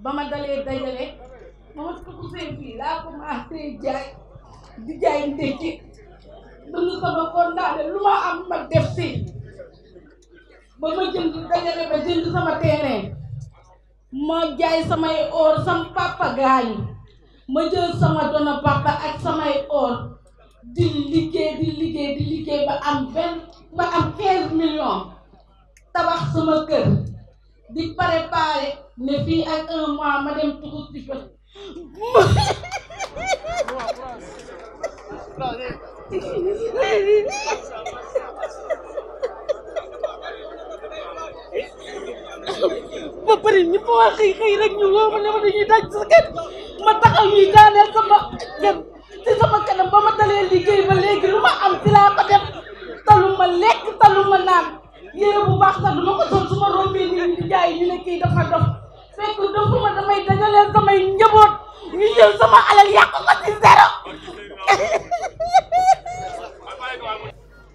ba ma dalee dajale ba ma ko seen fii laa commencé jaay di jaay ndékki dund sama kontaane lu ma am ma def si ba ma jënd dajale ba jënd sama terrain ma jaay samay or sama papa gaañu ma jël sama dono papa ak samay or di liggéey di liggéey di liggéey ba am benn ba am quinze millions tabax sama kër di préparer ne fi ak un mois ma dem tout ci fa ba pare ñu ko wax xey xëy rek ñu lo ma ne ma dañuy daj sa kër ma taxaw ñuy daaneel sama kër ci sama kanam ba ma dalé liggéey ba légui luma am ci la ko def taluma lek taluma nan yére bu baax sax dama ko sol su ma rombee nii jaay ñu ne kii dafa dof fekk dofuma damay dajaleel samay njaboot ñu jël sama alal yàq ko ci zéro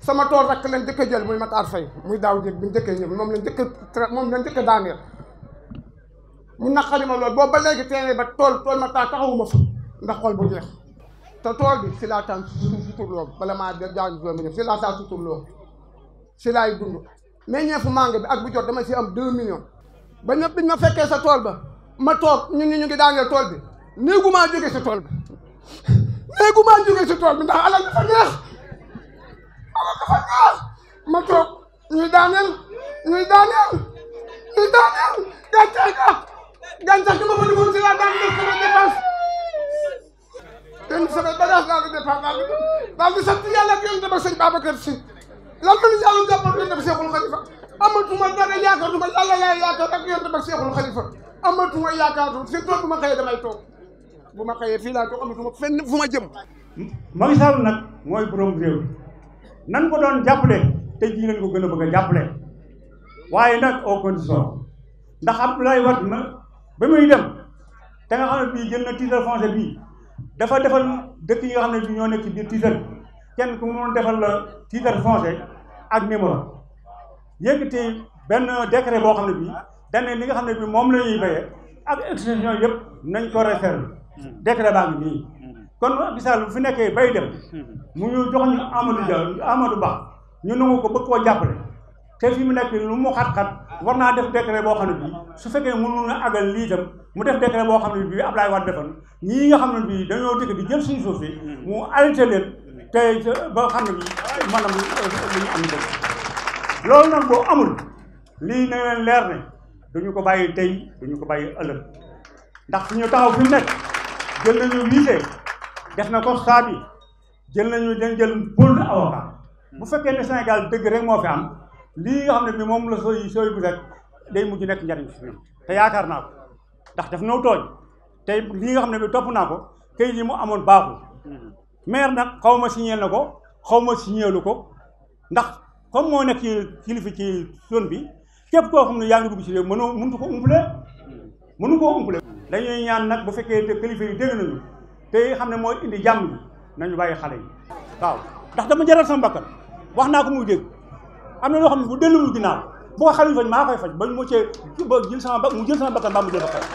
sama tool rek lañ jëkk a jël muy Matar Faye muy daaw jëg bu njëkkee ñëw moom lañ njëkk a moom lañ njëkk a daaneel mu naqari ma loolu boobu ba léegi teenee ba tool tool ma taa taxawuma fa ndax xool bu jeex te tool bi si laa taan suturloo bala maa jaan jooy si laa taan suturloo si meññeefu mango bi ak bu jot dama si am deux millions ba ñëpp biñ ma fekkee sa tool ba ma toog ñun ñu ngi daaneel tool bi néegu maa jógee si tool bi néegu maa jógee si tool bi ndax alal dafa neex alal ma toog ñuy daaneel ñuy daaneel ñuy daaneel gàncax ga gàncax gi ma ko defoon si laa daan def sama dépense kenn sama bagage laa ko dépense daal di sant yàlla ak yonent ba sëñ Babacar si lan ma ni yàlla jàppal yonent bi Seexul Xalifa amatuma dara yaakaaruma yàlla laay yaakaar ak yonent Seexul Xalifa amatuma yaakaaruma fi toog ma xëyee damay toog bu ma xëyee fii laa toog amatuma fenn fu ma jëm. Macky Sall nag mooy borom réew nan ko doon jàppale te ji nañ ko gën a bëgg a jàppale waaye nag au condition ndax Abdoulaye Wade ma ba muy dem te xam ne bii jël na titre foncier bii dafa defal dëkk yi nga xam ne bi ñoo nekk biir kenn ku mënoon defal la titre foncier ak numéro yëkkati benn décret boo xam ne bii dañ li nga xam ne bii moom la ñuy béyee ak yëpp nañ ko réserver hmm. décret baa ngi nii hmm. kon misaal bu fi nekkee bay dem hmm. mu ñu jox ñu Amadou Dia Amadou Ba ñu nangu ko bëgg koo jàppale te fi mu nekk lu mu xat war naa def décret boo xam ne bii su fekkee mënu na àggal lii itam mu def décret boo xam ne bii Abdoulaye Wade defoon ñii nga xam ne bii dañoo dëkk di jël suñu suuf si mu arrêté leen tey ba xam ne bi maanaam lu ñu am dëgg loolu nag boo amul lii na leen leer ne duñu ko bàyyi tey duñu ko bàyyi ëllëg ndax fi ñu taxaw fi nekk jël nañu lycée def na ko saa bi jël nañu dañ jël pôle avocat bu fekkee ne senegal dëgg rek moo fi am lii nga xam ne bi moom la yi sooy sooy bu rek day mujj nekk njariñ fi te yaakaar naa ko ndax daf naw tooñ te lii nga xam ne bi topp naa ko kay yi mu amoon baaxul maire nag xaw ma signé na ko xaw ma signé ko ndax comme moo nekk ci kilifa ci sone bi képp koo xam ne yaa ngi dugg ci réew mënoo mënut ko umpale mënu koo umpale. dañuy ñaan nag bu fekkee te kilifa yi dégg nañu te xam ne mooy indi jàmm bi nañu bàyyi xale yi waaw ndax dama jaral sama bakkan wax naa ko muy dégg am na loo xam ne bu delluwul ginnaaw bu ko xale yi faj maa koy faj ba mu jël sama mu jël sama bakkan ba mu jël bakkan